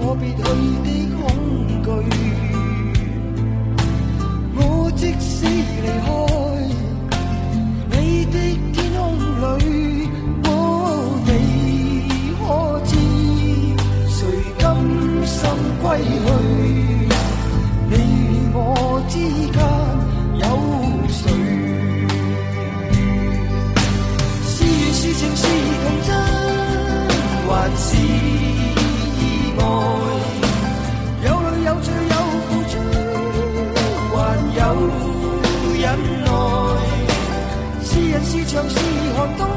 我別去的恐懼，我即使離開你的天空裏，你可知誰甘心歸去？是場是寒冬。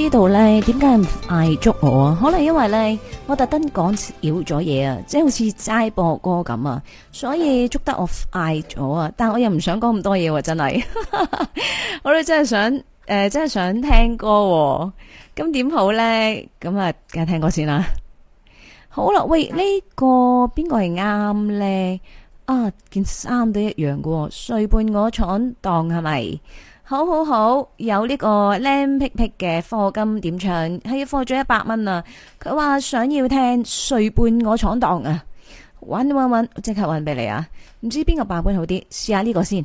呢度咧，點解唔嗌捉我啊？可能因為咧，我特登講少咗嘢啊，即係好似齋播歌咁啊，所以捉得我嗌咗啊！但係我又唔想講咁多嘢喎，真係，我哋真係想誒，真係想聽歌。咁點好咧？咁啊，梗係聽歌先啦。好啦，喂，呢個邊個係啱咧？啊，件衫都一樣噶，誰伴我闖蕩係咪？好好好，有呢個靚僻僻嘅課金點唱，係要課咗一百蚊啊！佢話想要聽誰伴我闖蕩啊，揾一揾我即刻揾俾你啊！唔知邊個版本好啲，試下呢個先。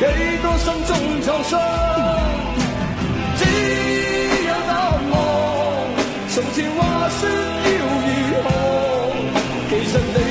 幾多心中創傷，只有淡忘。從前話說要如何，其實你。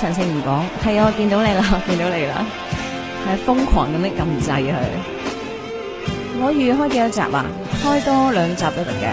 詳情唔講，係啊，我見到你啦，見到你啦，係瘋狂咁啲撳掣佢。我預開幾多集啊？開多兩集都得嘅。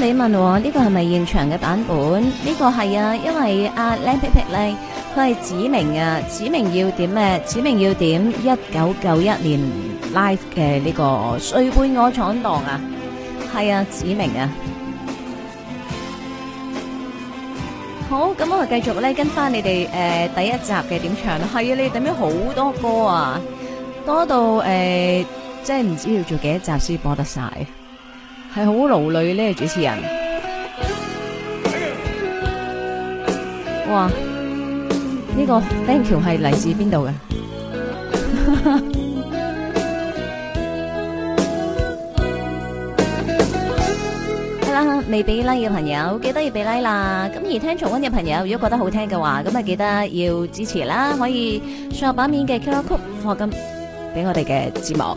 你問呢、這個係咪現場嘅版本？呢、這個係啊，因為阿 Len p 靚皮皮咧，佢、啊、係指明啊，指明要點咩？指明要點一九九一年 live 嘅呢個《誰伴我闖蕩》啊，係啊，指明啊。好，咁我繼續咧跟翻你哋誒、呃、第一集嘅點唱啦。係啊，你哋等咗好多歌啊，多到誒、呃，即係唔知要做幾多集先播得晒。係好勞累呢，主持人。Thank you. 哇，呢、這個 Thank you 係嚟自邊度嘅？係啦，未俾 like 嘅朋友記得要俾 like 啦。咁而聽重溫嘅朋友，如果覺得好聽嘅話，咁啊記得要支持啦。可以上入版面嘅 QQ 曲我咁俾我哋嘅節目。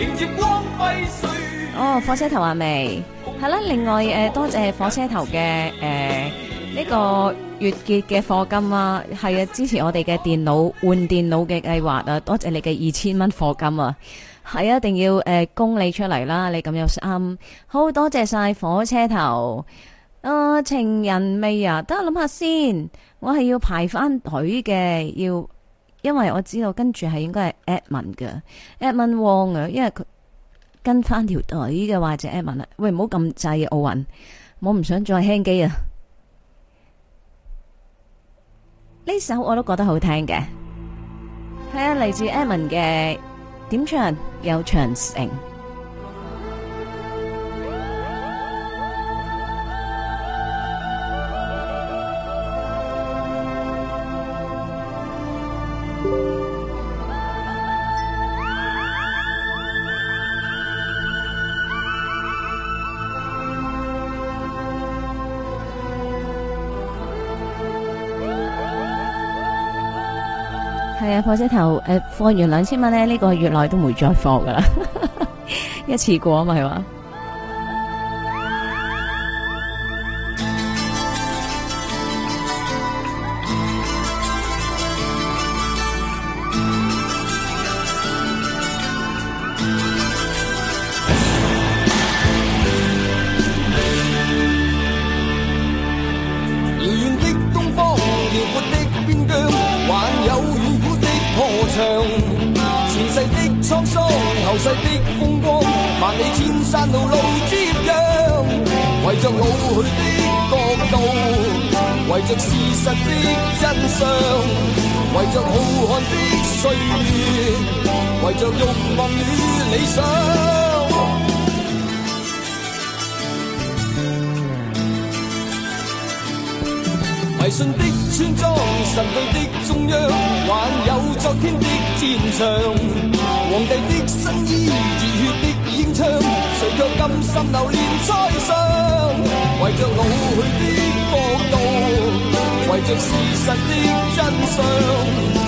迎接光輝歲哦，火車頭啊未，係啦、嗯，另外誒、呃，多謝火車頭嘅誒呢個月結嘅課金啊，係啊，支持我哋嘅電腦換電腦嘅計劃啊，多謝你嘅二千蚊課金啊，係啊，一定要誒供、呃、你出嚟啦，你咁有心，好多謝晒火車頭啊、呃，情人未啊，等我諗下先，我係要排翻隊嘅，要。因為我知道跟住係應該係 Edmond 嘅 Edmond 旺嘅，因為佢跟翻條隊嘅，或者 Edmond 啊，喂唔好咁制奧運，我唔想再輕機啊！呢首我都覺得好聽嘅，係啊，嚟自 Edmond 嘅《點唱有長城》。.誒，放隻、呃、頭誒、放、呃、完兩千蚊咧，呢、呢個月內都唔會再放噶啦，一次過啊嘛，係嘛？着慾望與理想，迷信的村莊，神秘的中央，還有昨天的戰場，皇帝的新衣，熱血的演唱，誰卻甘心流連在上？圍着老去的國度，圍着事實的真相。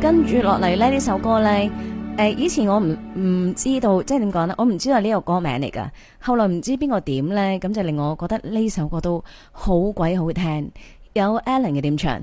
跟住落嚟呢首歌呢，誒，以前我唔唔知道，即係點講呢？我唔知道呢個歌名嚟噶。後來唔知邊個點咧，咁就令我覺得呢首歌都好鬼好聽，有 Alan 嘅點唱。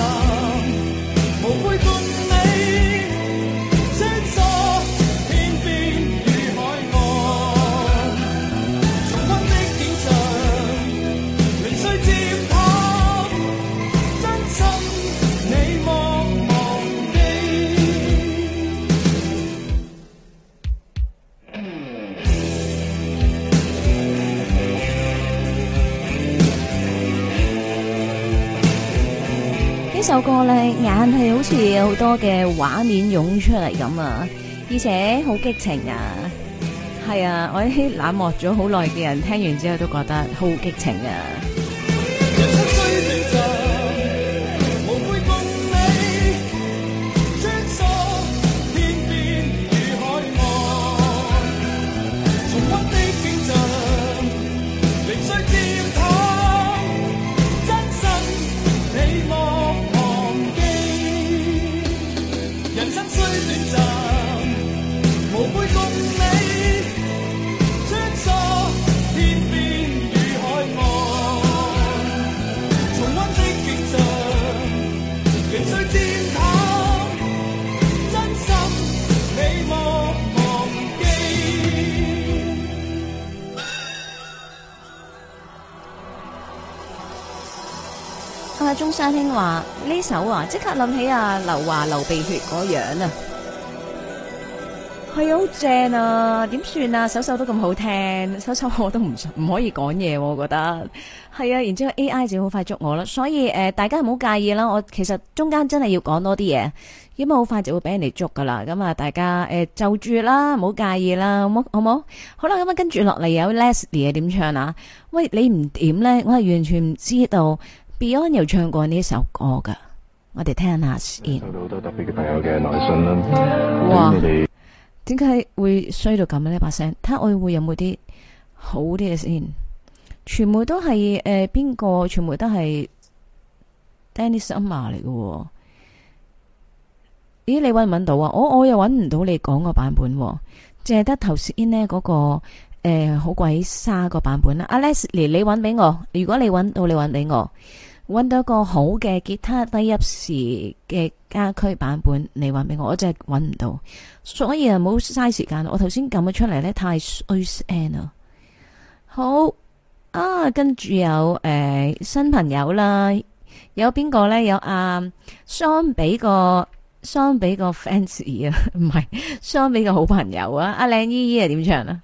首歌咧，眼係好似有好多嘅畫面湧出嚟咁啊，而且好激情啊，係啊，我啲冷漠咗好耐嘅人聽完之後都覺得好激情啊。鍾山兄話呢首啊，即刻諗起啊，劉華流鼻血嗰樣啊，係啊，好正啊，點算啊？首首都咁好聽，首首我都唔唔可以講嘢，啊，我覺得係啊。然之後 A I 就好快捉我啦，所以誒、呃，大家唔好介意啦。我其實中間真係要講多啲嘢，因為好快就會俾人哋捉噶啦。咁啊，大家誒、呃、就住啦，唔好介意啦，好唔好？好啦，咁啊，跟住落嚟有 Leslie 點唱啊？喂，你唔點咧？我係完全唔知道。Beyond 又唱過呢一首歌噶，我哋聽下先。收到好多特別嘅朋友嘅內信啦，嗯、哇，迎你點解會衰到咁呢？把聲，睇下我會有冇啲好啲嘅先。傳媒都係誒，邊個傳媒都係、呃、Danny Summer 嚟嘅、哦。咦？你揾唔揾到啊、哦？我我又揾唔到你講、哦那個、呃、版本，淨係得頭先呢嗰個誒，好鬼沙個版本啦。Alex，嚟你揾俾我。如果你揾到，你揾俾我。揾到一個好嘅吉他低入時嘅家居版本嚟，揾俾我，我真係揾唔到，所以啊，冇嘥時間。我頭先撳咗出嚟咧，太衰聲啦。好啊，跟住有誒、呃、新朋友啦，有邊個咧？有阿、啊、雙比個雙比個 fancy 啊？唔係雙比個好朋友啊？阿靚姨姨係點唱啊？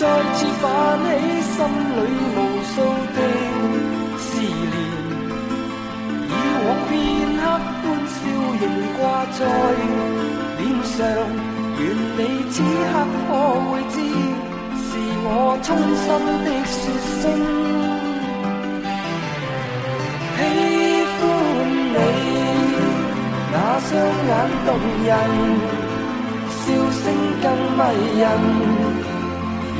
再次泛起心裏無數的思念，以往片刻歡笑仍掛在臉上。願你此刻可會知，是我衷心的說聲喜歡你，那雙眼動人，笑聲更迷人。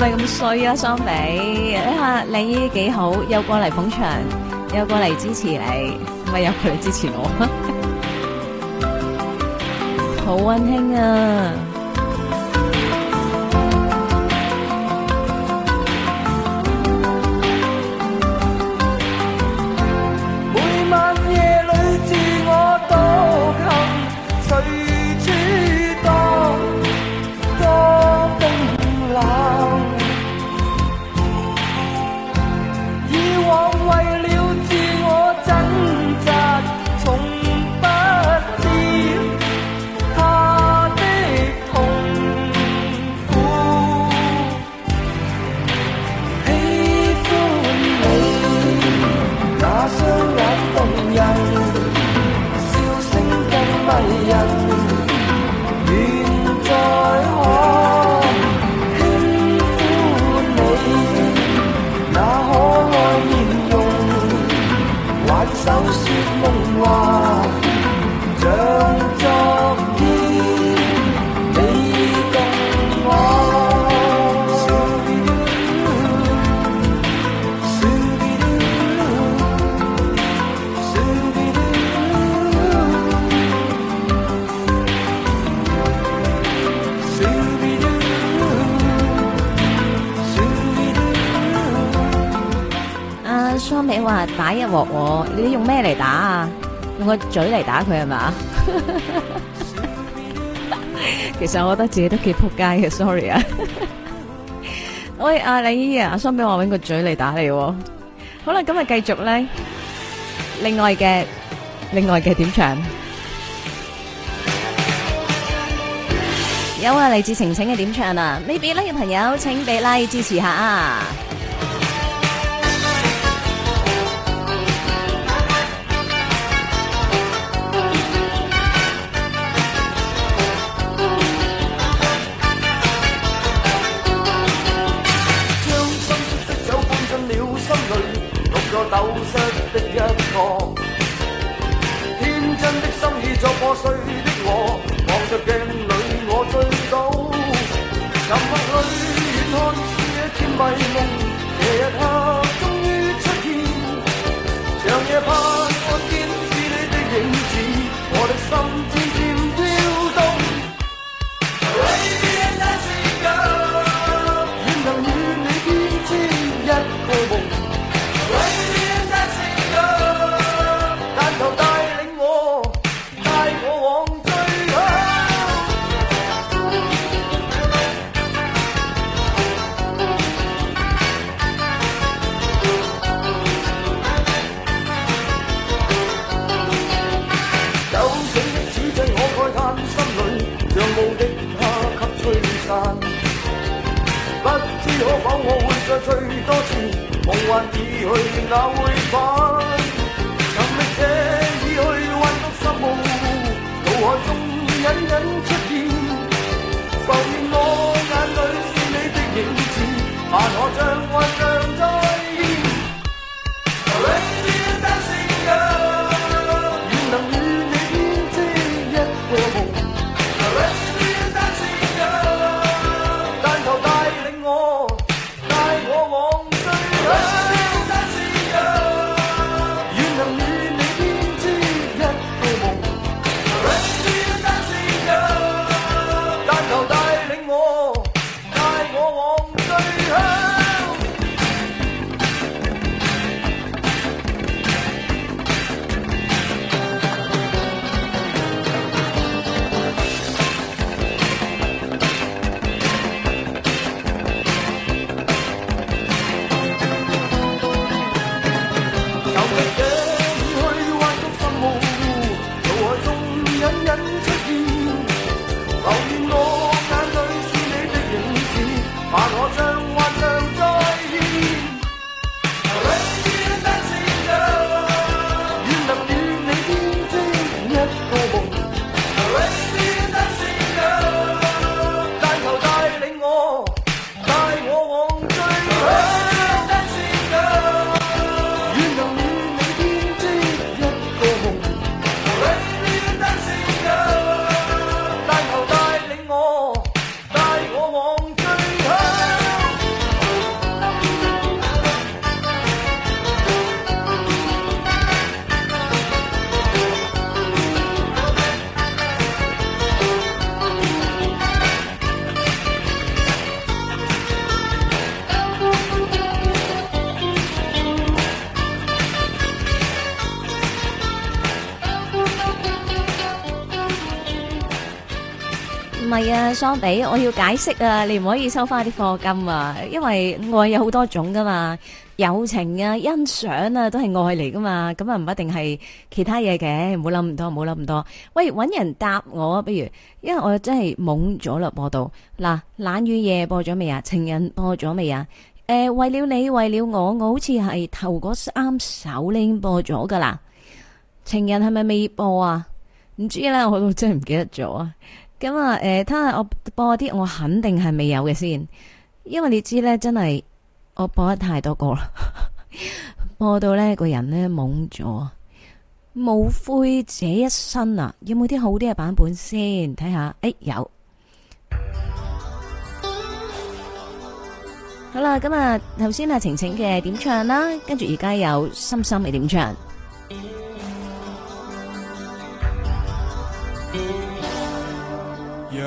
唔咁衰啊，雙比，睇、哎、下你幾好，又過嚟捧場，又過嚟支持你，唔係又過嚟支持我， 好溫馨啊！嚟打啊！用個嘴嚟打佢係嘛？其實我覺得自己都幾扑街嘅，sorry 啊！喂，阿李啊，想唔想我搵個嘴嚟打你？好啦，咁啊繼續咧。另外嘅，另外嘅點唱？有啊，嚟自晴晴嘅點唱啊！maybe 啦，嘅朋友請俾 like 支持下啊！丟失的一個，天真的心已作破碎的我，望着鏡裏我醉倒，沉默裏遠看是一片迷蒙。相比，我要解釋啊！你唔可以收翻啲課金啊，因為愛有好多種噶嘛，友情啊、欣賞啊，都係愛嚟噶嘛。咁啊，唔一定係其他嘢嘅，唔好諗咁多，唔好諗咁多。喂，搵人答我啊，不如因為我真係懵咗啦，播到嗱，冷雨夜播咗未啊？情人播咗未啊？誒、呃，為了你，為了我，我好似係頭嗰三首拎播咗噶啦。情人係咪未播啊？唔知咧，我都真係唔記得咗啊！咁啊，誒、嗯，睇下我播啲我肯定係未有嘅先，因為你知咧，真係我播得太多個啦，播到咧個人咧懵咗。無悔這一生啊，有冇啲好啲嘅版本先睇下？誒、欸，有。 好啦，咁、嗯、啊，頭先係晴晴嘅點唱啦，跟住而家有深深嘅點唱。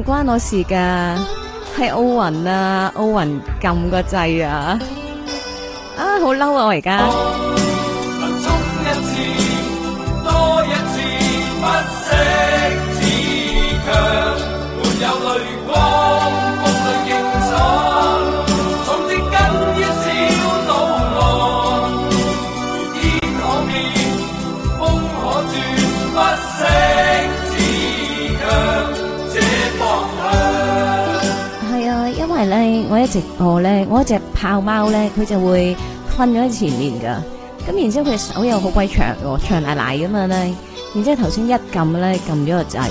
唔關我事噶，係奧運啊，奧運撳個掣啊，啊好嬲啊我而家。Oh. 一直我咧，我一隻豹貓咧，佢就會瞓咗喺前面噶，咁然之後佢隻手又好鬼長，長奶奶咁樣咧，然之後頭先一撳咧，撳咗個掣。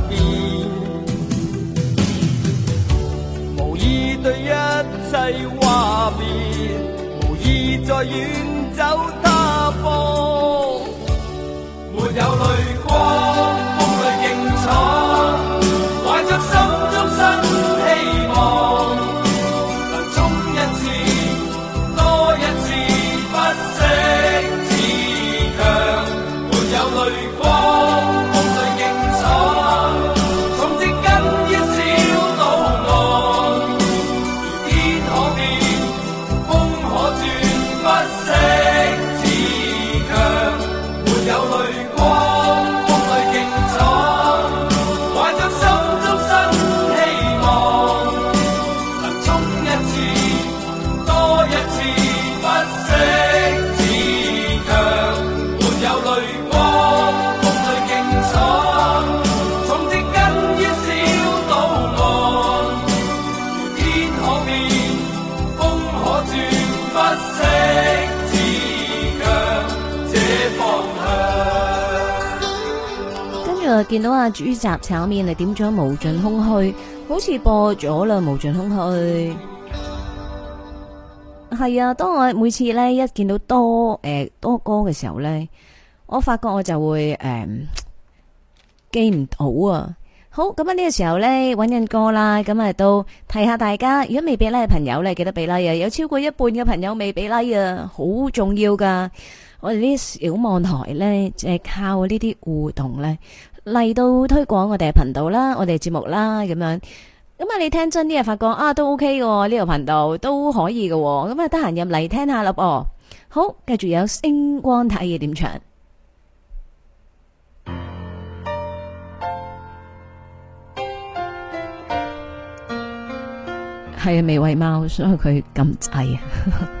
對一切話別，無意再遠走他方，沒有淚光。見到啊，豬雜炒麵嚟點咗無盡空虛，好似播咗啦無盡空虛。係啊，當我每次呢一見到多誒、欸、多歌嘅時候呢，我發覺我就會誒、欸、記唔到啊。好咁啊，呢個時候呢，揾人歌啦，咁啊都提下大家，如果未俾拉嘅朋友呢，記得俾拉。啊。有超過一半嘅朋友未俾拉啊，好重要噶。我哋呢小網台呢，即係靠呢啲互動呢。嚟到推廣我哋嘅頻道啦，我哋嘅節目啦，咁樣咁啊！你聽真啲啊，發覺啊都 OK 嘅喎，呢個頻道都可以嘅喎，咁啊得閒入嚟聽下啦噃。好，繼續有星光睇嘢點唱，係啊，未餵貓，所以佢咁滯啊。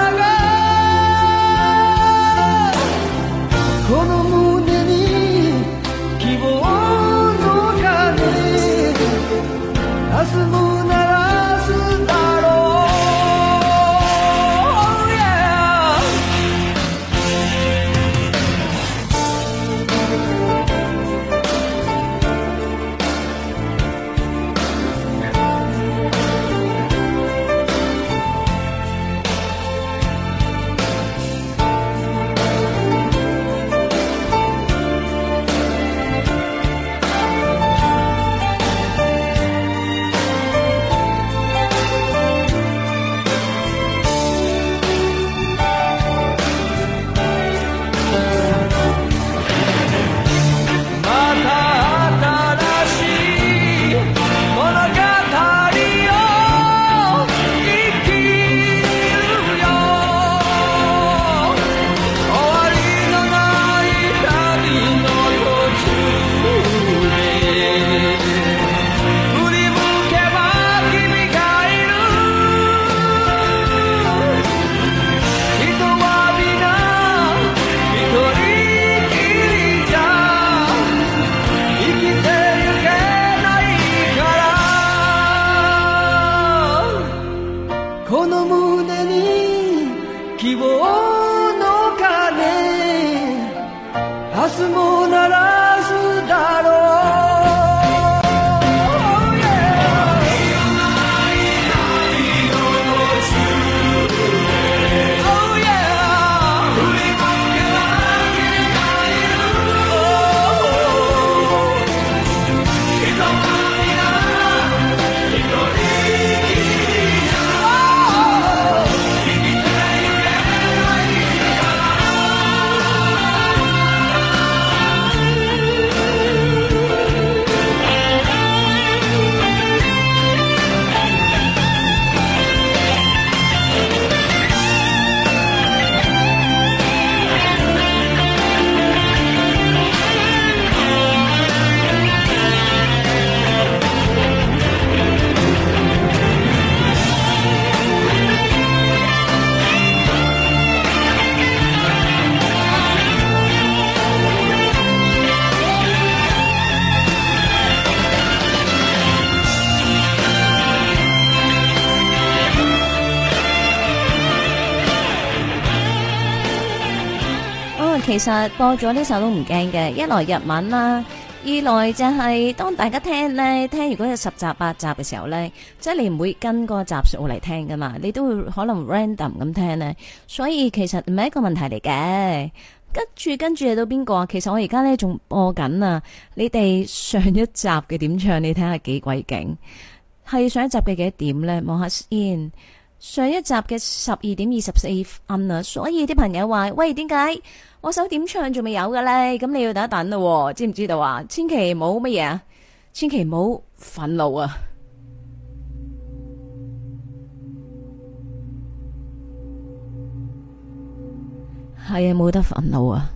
其實播咗呢首都唔驚嘅，一來日文啦，二來就係當大家聽呢，聽如果有十集八集嘅時候呢，即係你唔會跟個集數嚟聽噶嘛，你都會可能 random 咁聽呢。所以其實唔係一個問題嚟嘅。跟住跟住到邊個啊？其實我而家呢仲播緊啊，你哋上一集嘅點唱，你睇下幾鬼勁，係上一集嘅幾點呢？望下先上一集嘅十二點二十四分啊，所以啲朋友話，喂，點解我首點唱仲未有嘅呢？咁你要等一等咯，知唔知道啊？千祈唔好乜嘢，千祈唔好憤怒啊！係啊，冇得憤怒啊！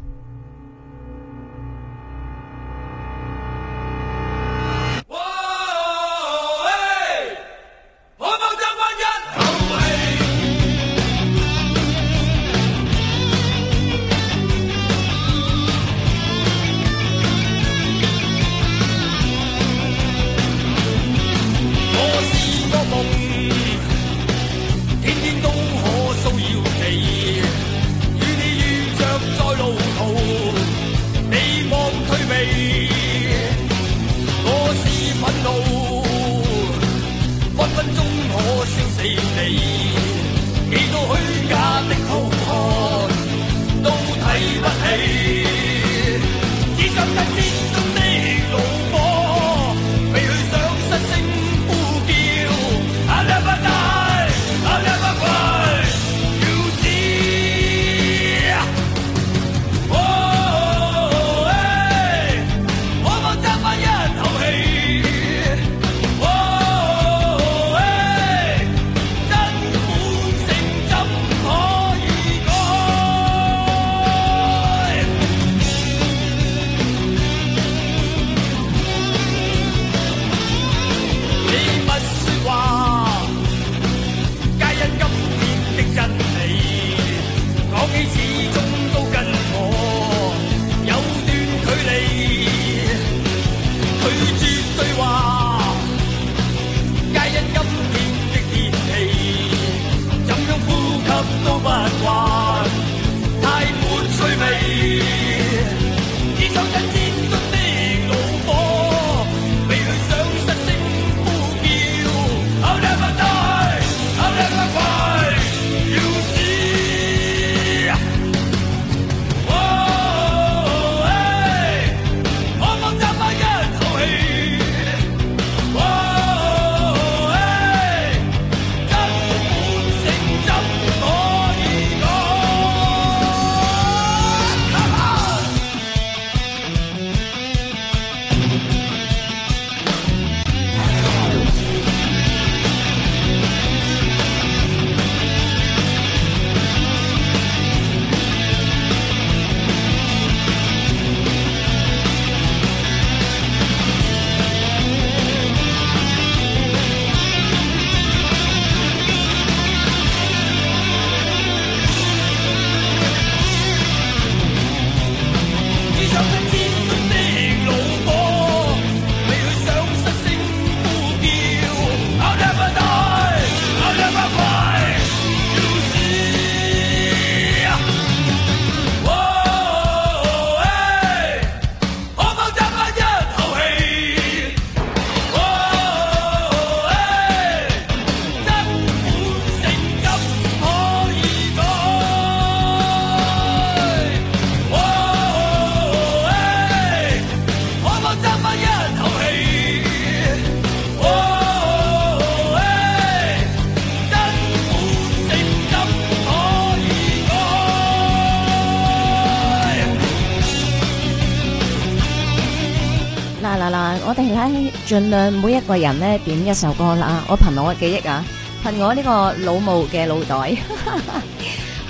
盡量每一個人咧，點一首歌啦。我憑我嘅記憶啊，憑我呢個老母嘅腦袋，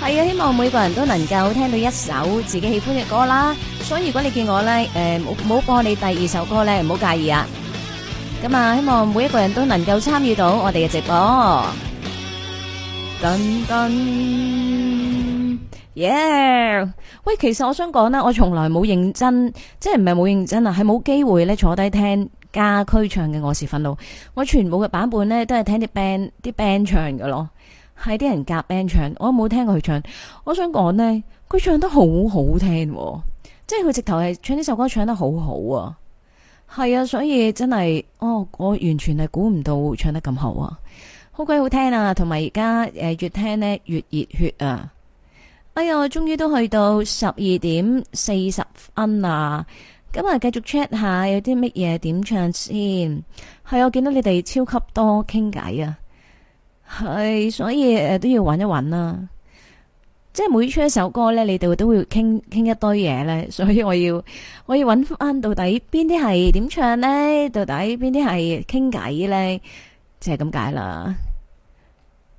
係啊。希望每個人都能夠聽到一首自己喜歡嘅歌啦。所以如果你見我咧，誒，冇冇播你第二首歌咧，唔好介意啊。咁啊，希望每一個人都能夠參與到我哋嘅直播。噔噔，yeah。喂，其實我想講咧，我從來冇認真，即係唔係冇認真啊，係冇機會咧坐低聽。家駒唱嘅《我是憤怒》，我全部嘅版本呢都係聽啲 band 啲 band 唱嘅咯，係啲人夾 band 唱，我冇聽過佢唱。我想講呢，佢唱得好好聽，哦，即係佢直頭係唱呢首歌唱得好好啊！係啊，所以真係，哦，我完全係估唔到唱得咁好啊，好鬼好聽啊！同埋而家誒，越聽呢越熱血啊！哎呀，終於都去到十二點四十分啦～咁啊，繼續 check 下有啲乜嘢點唱先係？我見到你哋超級多傾偈啊，係所以誒都要揾一揾啦。即係每出一首首歌呢，你哋都會傾傾一堆嘢呢。所以我要我要揾翻，到底邊啲係點唱呢？到底邊啲係傾偈呢？就係咁解啦。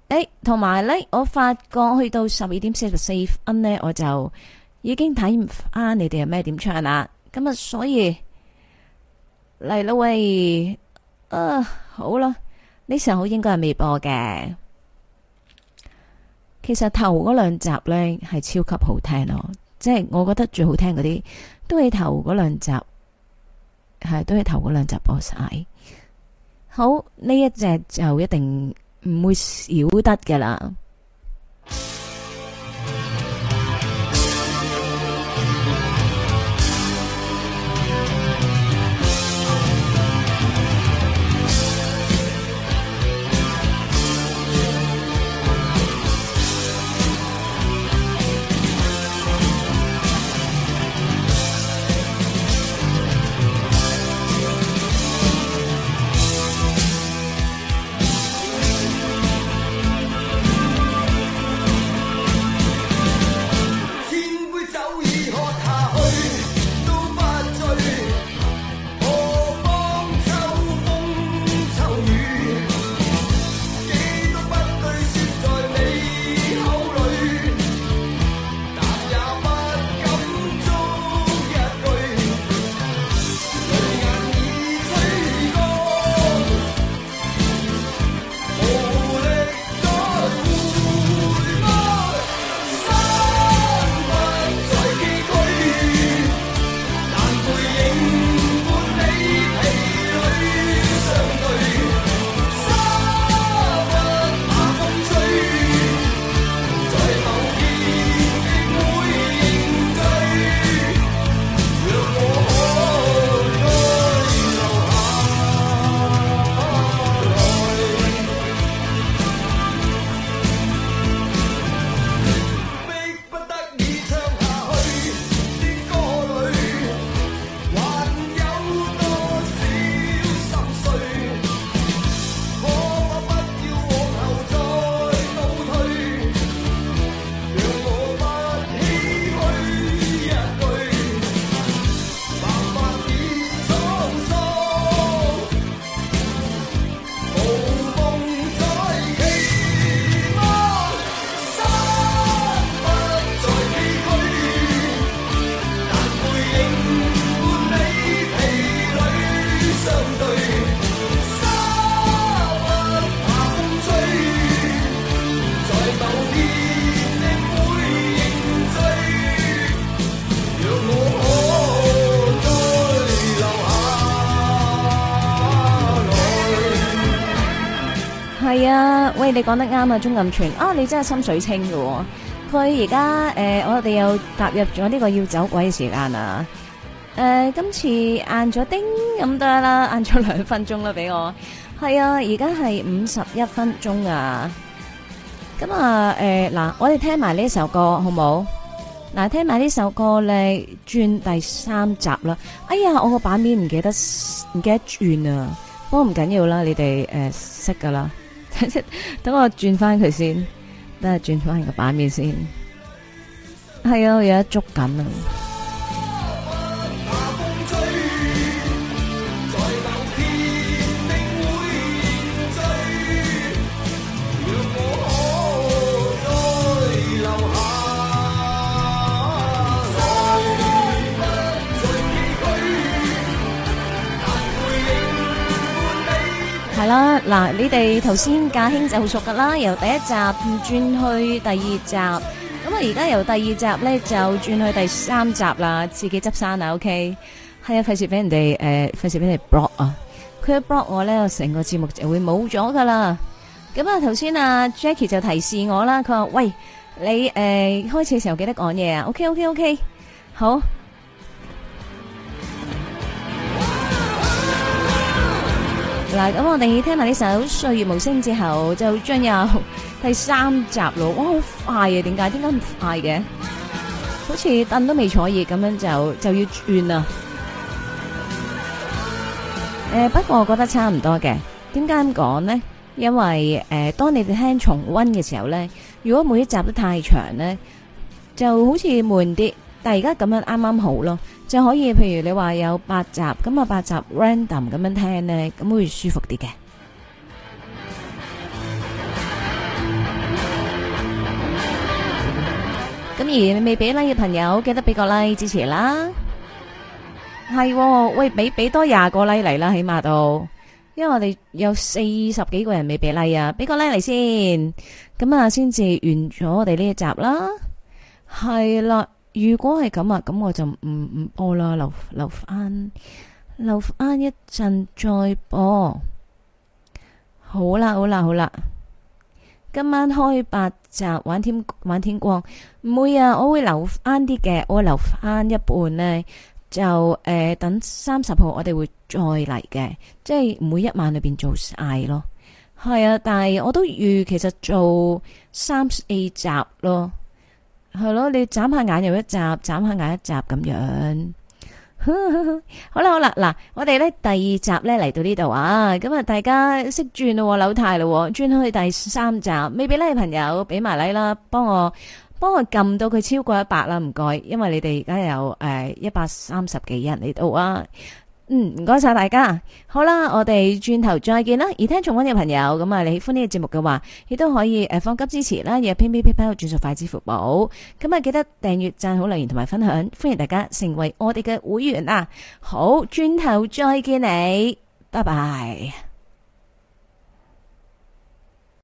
誒、欸，同埋呢，我發覺去到十二點四十四分呢，我就已經睇唔翻你哋係咩點唱啦。咁所以嚟啦喂，啊，好啦，呢時候好應該係未播嘅。其實頭嗰兩集呢係超級好聽咯，即係我覺得最好聽嗰啲都係頭嗰兩集，係都係頭嗰兩集播晒。好，呢一隻就一定唔會少得噶啦。哎、你講得啱啊，鍾錦泉啊，你真係心水清喎。佢而家誒，我哋又踏入咗呢個要走鬼嘅時間啊。誒、呃，今次晏咗丁咁多啦，晏咗兩分鐘啦，俾我係啊。而家係五十一分鐘啊。咁、呃、啊，誒嗱，我哋聽埋呢首歌好冇？嗱，聽埋呢首歌咧，轉第三集啦。哎呀，我個版面唔記得唔記得轉啊，不過唔緊要啦，你哋誒識噶啦。等 我轉翻佢先，等係轉翻個版面先。係啊，而家捉緊啊！啦，嗱，你哋頭先架兄仔好熟噶啦，由第一集轉去第二集，咁啊而家由第二集咧就轉去第三集啦，自己執生啦 OK 係啊，費事俾人哋誒，費事俾人哋 block 啊，佢一 block 我咧，成個節目就會冇咗噶啦。咁啊，頭先啊 Jackie 就提示我啦，佢話喂，你誒、呃、開始嘅時候記得講嘢啊，OK OK OK，好。嗱，咁、嗯、我哋聽埋呢首《歲月無聲》之後，就將有第三集咯。哇，好快啊！點解？點解咁快嘅？好似凳都未坐熱咁樣就，就就要轉啦。誒、嗯，不過我覺得差唔多嘅。點解咁講呢？因為誒、嗯，當你哋聽重溫嘅時候咧，如果每一集都太長咧，就好似悶啲。但係而家咁樣啱啱好咯，就可以譬如你話有八集咁啊，八集 random 咁樣聽咧，咁會舒服啲嘅。咁 而你未俾 like 嘅朋友，記得俾個 like 支持啦。係，喂，俾俾多廿個 like 嚟啦，起碼到！因為我哋有四十幾個人未俾 like 啊，俾個 like 嚟先，咁啊，先至完咗我哋呢一集啦，係啦。如果係咁啊，咁我就唔唔播啦，留留翻，留翻一陣再播。好啦好啦好啦，今晚開八集玩天玩天光唔會啊，我會留翻啲嘅，我會留翻一半呢。就誒、呃、等三十號我哋會再嚟嘅，即係唔會一晚裏邊做晒咯。係啊，但係我都預其實做三四集咯。係咯，你眨下眼又一集，眨下眼一集咁樣 好。好啦好啦，嗱，我哋咧第二集咧嚟到呢度啊，咁啊大家識轉咯，扭軚咯，轉去第三集。未俾呢朋友俾埋禮啦，幫我幫我撳到佢超過一百啦，唔該。因為你哋而家有誒一百三十幾人嚟到啊。嗯，唔該晒大家，好啦，我哋轉頭再見啦。而聽重溫嘅朋友，咁啊，你喜歡呢個節目嘅話，亦都可以誒，放急支持啦，亦係 p p 啪啪轉數快支付寶。咁啊，記得訂閱、讚好、留言同埋分享，歡迎大家成為我哋嘅會員啊！好，轉頭再見你，拜拜。